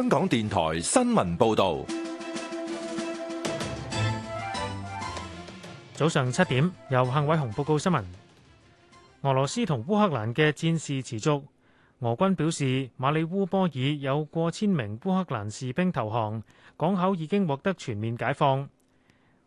香港電台新聞報道，早上七點，由幸偉雄報告新聞。俄羅斯同烏克蘭嘅戰事持續，俄軍表示馬里烏波爾有過千名烏克蘭士兵投降，港口已經獲得全面解放。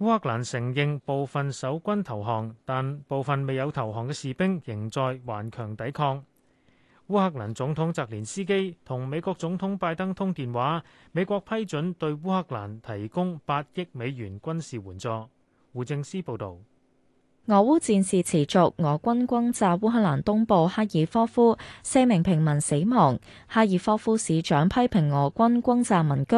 烏克蘭承認部分守軍投降，但部分未有投降嘅士兵仍在頑強抵抗。烏克蘭總統澤連斯基同美國總統拜登通電話，美國批准對烏克蘭提供八億美元軍事援助。胡正思報道。俄烏戰事持續，俄軍轟炸烏克蘭東部哈爾科夫，四名平民死亡。哈爾科夫市長批評俄軍轟炸民居。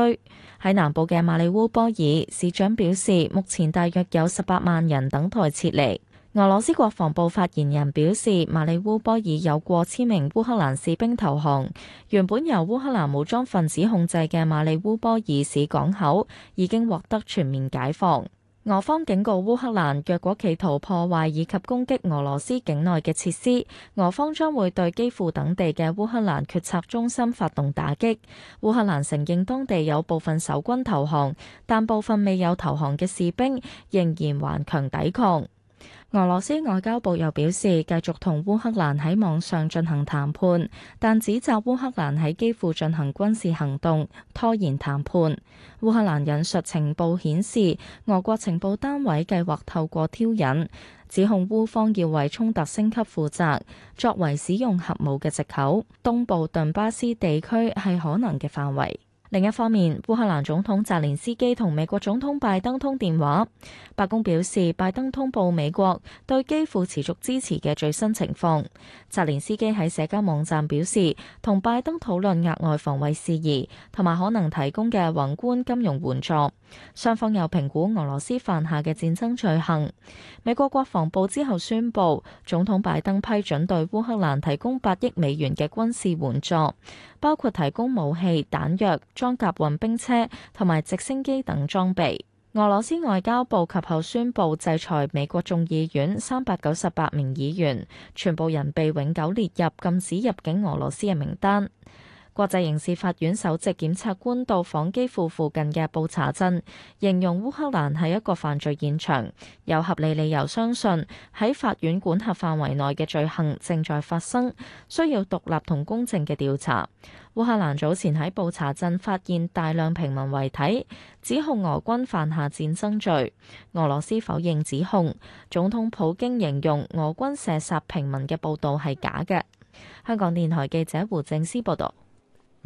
喺南部嘅馬里烏波爾，市長表示，目前大約有十八萬人等待撤離。俄羅斯國防部發言人表示，馬里烏波爾有過千名烏克蘭士兵投降。原本由烏克蘭武裝分子控制嘅馬里烏波爾市港口已經獲得全面解放。俄方警告烏克蘭，若果企圖破壞以及攻擊俄羅斯境內嘅設施，俄方將會對基輔等地嘅烏克蘭決策中心發動打擊。烏克蘭承認當地有部分守軍投降，但部分未有投降嘅士兵仍然頑強抵抗。俄羅斯外交部又表示，繼續同烏克蘭喺網上進行談判，但指責烏克蘭喺基輔進行軍事行動，拖延談判。烏克蘭引述情報顯示，俄國情報單位計劃透過挑釁，指控烏方要為衝突升級負責，作為使用核武嘅借口。東部頓巴斯地區係可能嘅範圍。另一方面，烏克蘭總統澤連斯基同美國總統拜登通電話，白宮表示，拜登通報美國對基輔持續支持嘅最新情況。澤連斯基喺社交網站表示，同拜登討論額外防衛事宜，同埋可能提供嘅宏觀金融援助。雙方又評估俄羅斯犯下嘅戰爭罪行。美國國防部之後宣布，總統拜登批准對烏克蘭提供八億美元嘅軍事援助。包括提供武器、彈藥、裝甲運兵車同埋直升機等裝備。俄羅斯外交部及後宣布制裁美國眾議院三百九十八名議員，全部人被永久列入禁止入境俄羅斯嘅名單。國際刑事法院首席檢察官到訪基輔附近嘅布查鎮，形容烏克蘭係一個犯罪現場，有合理理由相信喺法院管轄範圍內嘅罪行正在發生，需要獨立同公正嘅調查。烏克蘭早前喺布查鎮發現大量平民遺體，指控俄軍犯下戰爭罪。俄羅斯否認指控，總統普京形容俄軍射殺平民嘅報導係假嘅。香港電台記者胡正思報導。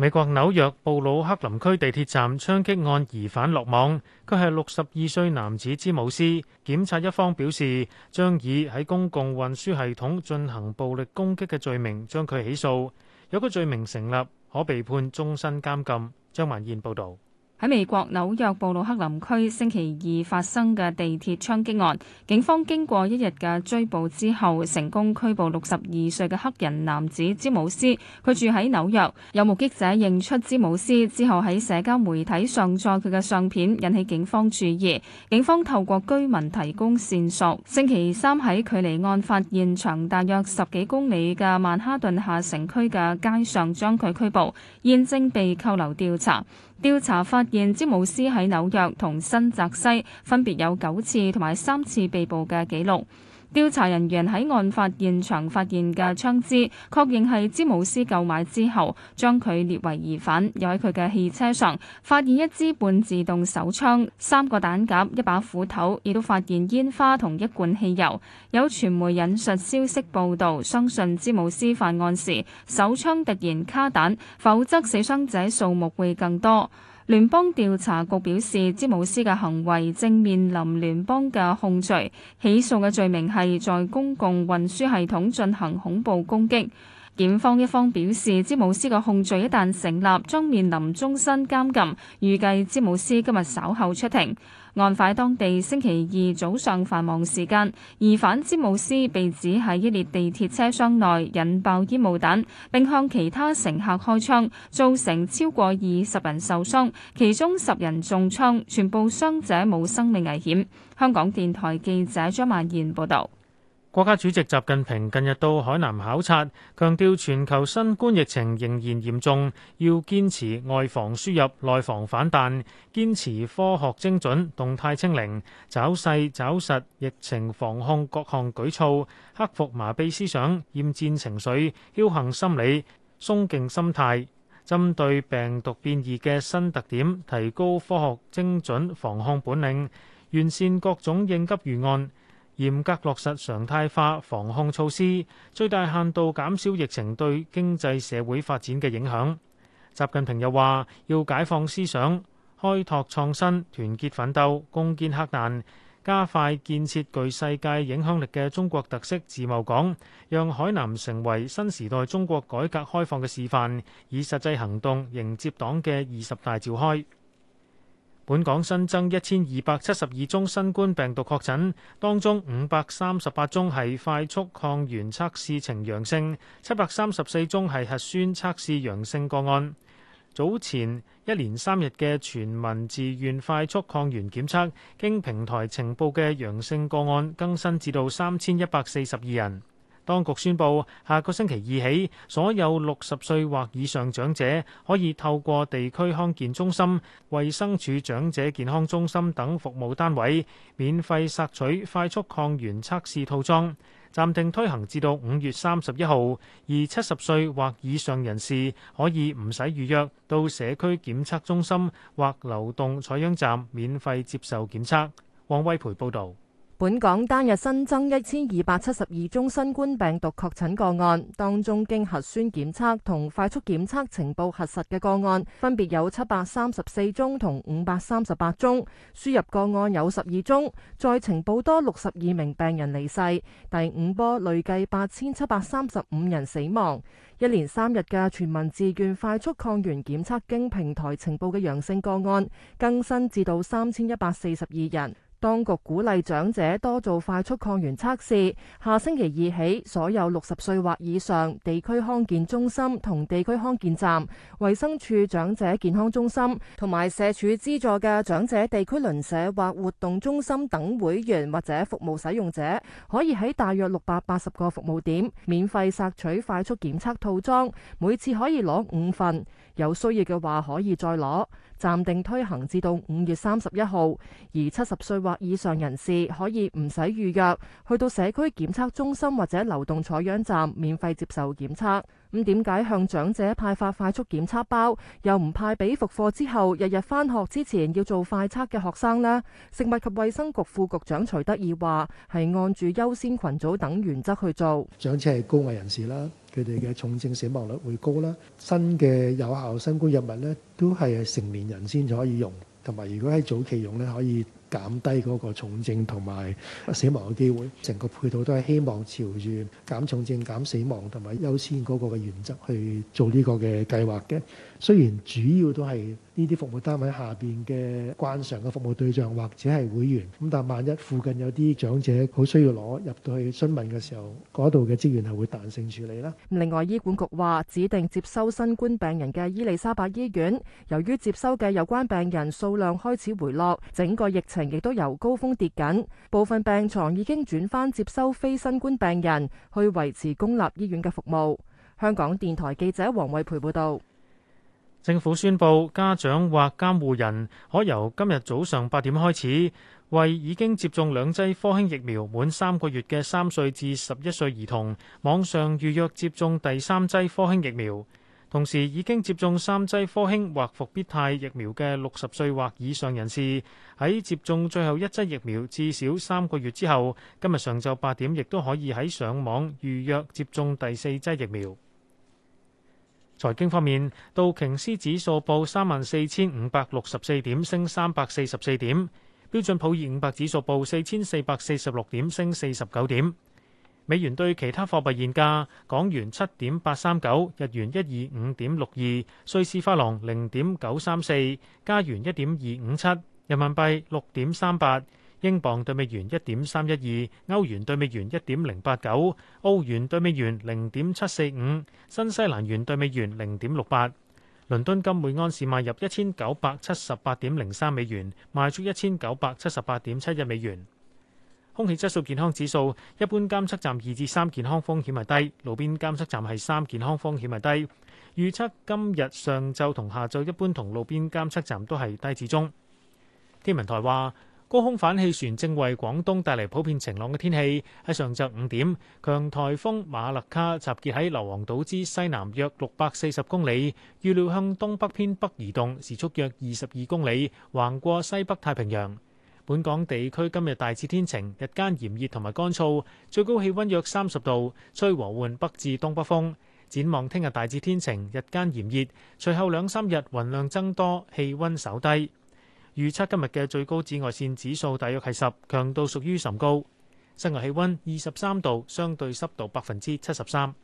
美國紐約布魯克林區地鐵站槍擊案疑犯落網，佢係六十二歲男子詹姆斯。檢察一方表示，將以喺公共運輸系統進行暴力攻擊嘅罪名將佢起訴，有個罪名成立，可被判終身監禁。張文燕報導。喺美國紐約布魯克林區星期二發生嘅地鐵槍擊案，警方經過一日嘅追捕之後，成功拘捕六十二歲嘅黑人男子詹姆斯。佢住喺紐約，有目擊者認出詹姆斯，之後喺社交媒體上載佢嘅相片，引起警方注意。警方透過居民提供線索，星期三喺距離案發現場大約十幾公里嘅曼哈頓下城區嘅街上將佢拘捕，現正被扣留調查。調查發現，詹姆斯喺紐約同新澤西分別有九次同埋三次被捕嘅記錄。調查人員喺案發現場發現嘅槍支，確認係詹姆斯購買之後將佢列為疑犯。又喺佢嘅汽車上發現一支半自動手槍、三個彈夾、一把斧頭，亦都發現煙花同一罐汽油。有傳媒引述消息報道，相信詹姆斯犯案時手槍突然卡彈，否則死傷者數目會更多。聯邦調查局表示，詹姆斯嘅行為正面臨聯邦嘅控罪，起訴嘅罪名係在公共運輸系統進行恐怖攻擊。檢方一方表示，詹姆斯嘅控罪一旦成立，將面臨終身監禁。預計詹姆斯今日稍後出庭。案發當地星期二早上繁忙時間，疑犯詹姆斯被指喺一列地鐵車廂內引爆煙霧彈，並向其他乘客開槍，造成超過二十人受傷，其中十人中槍，全部傷者冇生命危險。香港電台記者張曼燕報導。國家主席習近平近日到海南考察，強調全球新冠疫情仍然嚴重，要堅持外防輸入、內防反彈，堅持科學精準、動態清零，找細找實疫情防控各項舉措，克服麻痹思想、厭戰情緒、僥倖心理、鬆勁心態，針對病毒變異嘅新特點，提高科學精準防控本領，完善各種應急預案。嚴格落實常態化防控措施，最大限度減少疫情對經濟社會發展嘅影響，習近平又話要解放思想、開拓創新、團結奮鬥、攻堅克難，加快建設具世界影響力嘅中國特色自貿港，讓海南成為新時代中國改革開放嘅示範，以實際行動迎接黨嘅二十大召開。本港新增一千二百七十二宗新冠病毒確診，當中五百三十八宗係快速抗原測試呈陽性，七百三十四宗係核酸測試陽性個案。早前一連三日嘅全民自願快速抗原檢測，經平台呈報嘅陽性個案更新至到三千一百四十二人。當局宣布，下個星期二起，所有六十歲或以上長者可以透過地區康健中心、衛生署長者健康中心等服務單位，免費索取快速抗原測試套裝。暫定推行至到五月三十一號。而七十歲或以上人士可以唔使預約，到社區檢測中心或流動採樣站免費接受檢測。王威培報導。本港單日新增一千二百七十二宗新冠病毒確診個案，當中經核酸檢測同快速檢測呈報核實嘅個案分別有七百三十四宗同五百三十八宗，輸入個案有十二宗。再呈報多六十二名病人離世，第五波累計八千七百三十五人死亡。一連三日嘅全民自願快速抗原檢測經平台呈報嘅陽性個案更新至到三千一百四十二人。當局鼓勵長者多做快速抗原測試，下星期二起，所有六十歲或以上地區康健中心、同地區康健站、衛生署長者健康中心同埋社署資助嘅長者地區鄰舍或活動中心等會員或者服務使用者，可以喺大約六百八十個服務點免費索取快速檢測套裝，每次可以攞五份，有需要嘅話可以再攞。暫定推行至到五月三十一號，而七十歲或以上人士可以唔使預約，去到社區檢測中心或者流動採樣站免費接受檢測。咁點解向長者派發快速檢測包，又唔派俾復課之後日日返學之前要做快測嘅學生呢？食物及衛生局副局長徐德義話：係按住優先群組等原則去做，長者係高危人士啦。佢哋嘅重症死亡率會高啦，新嘅有效新冠藥物咧，都係成年人先至可以用，同埋如果喺早期用咧，可以。減低嗰個重症同埋死亡嘅機會，成個配套都係希望朝住減重症、減死亡同埋優先嗰個嘅原則去做呢個嘅計劃嘅。雖然主要都係呢啲服務單位下邊嘅慣常嘅服務對象或者係會員，咁但係萬一附近有啲長者好需要攞入到去詢問嘅時候，嗰度嘅資源係會彈性處理啦。另外，醫管局話指定接收新冠病人嘅伊利沙伯醫院，由於接收嘅有關病人數量開始回落，整個疫情，亦都由高峰跌緊，部分病床已經轉翻接收非新冠病人，去維持公立醫院嘅服務。香港電台記者黃惠培報道，政府宣布家長或監護人可由今日早上八點開始，為已經接種兩劑科興疫苗滿三個月嘅三歲至十一歲兒童網上預約接種第三劑科興疫苗。同時已經接種三劑科興或復必泰疫苗嘅六十歲或以上人士，喺接種最後一劑疫苗至少三個月之後，今日上晝八點亦都可以喺上網預約接種第四劑疫苗。財經方面，道瓊斯指數報三萬四千五百六十四點，升三百四十四點；標準普爾五百指數報四千四百四十六點，升四十九點。美元兌其他貨幣現價：港元七點八三九，日元一二五點六二，瑞士法郎零點九三四，加元一點二五七，人民幣六點三八，英鎊對美元一點三一二，歐元對美元一點零八九，澳元對美元零點七四五，新西蘭元對美元零點六八。倫敦金每安士賣入一千九百七十八點零三美元，賣出一千九百七十八點七一美元。空氣質素健康指數，一般監測站二至三健康風險係低，路邊監測站係三健康風險係低。預測今日上晝同下晝一般同路邊監測站都係低至中。天文台話，高空反氣旋正為廣東帶嚟普遍晴朗嘅天氣。喺上晝五點，強颱風馬勒卡集結喺硫磺島之西南約六百四十公里，預料向東北偏北移動，時速約二十二公里，橫過西北太平洋。本港地區今日大致天晴，日間炎熱同埋乾燥，最高氣溫約三十度，吹和緩北至東北風。展望聽日大致天晴，日間炎熱，隨後兩三日雲量增多，氣溫稍低。預測今日嘅最高紫外線指數大約係十，強度屬於甚高。室外氣溫二十三度，相對濕度百分之七十三。